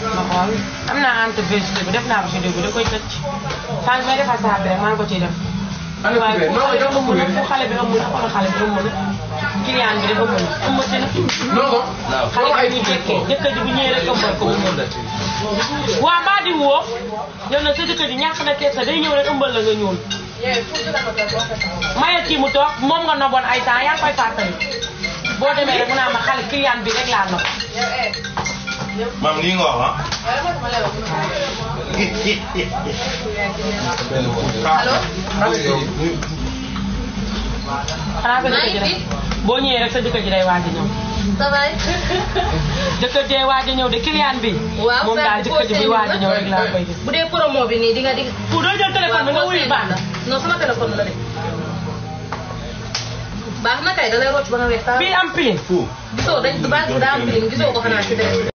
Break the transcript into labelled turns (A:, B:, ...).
A: ma xool am naa entreprise bi def naa ko si dugub bi da koy tëj saa yu may defar saa bi rek maa ngi ko ciy def. waaye fu xale bi ëmb na xool xale bi ëmb na client bi dafa mën a ëmb si na. xale bi bu jekkee jëkkër ji bu ñëwee rek ëmbal ko mu waa maa di woo yow nag sa jëkkër ji ñàkk na kees day ñëw rek ëmbal la nga ñuul. mayal kii mu toog moom nga noboon ay temps yaa ngi koy fàttali boo demee rek mu naa ma xale client bi rek laa nopp. Mam lingo ha? xanaa gitu, sa gitu,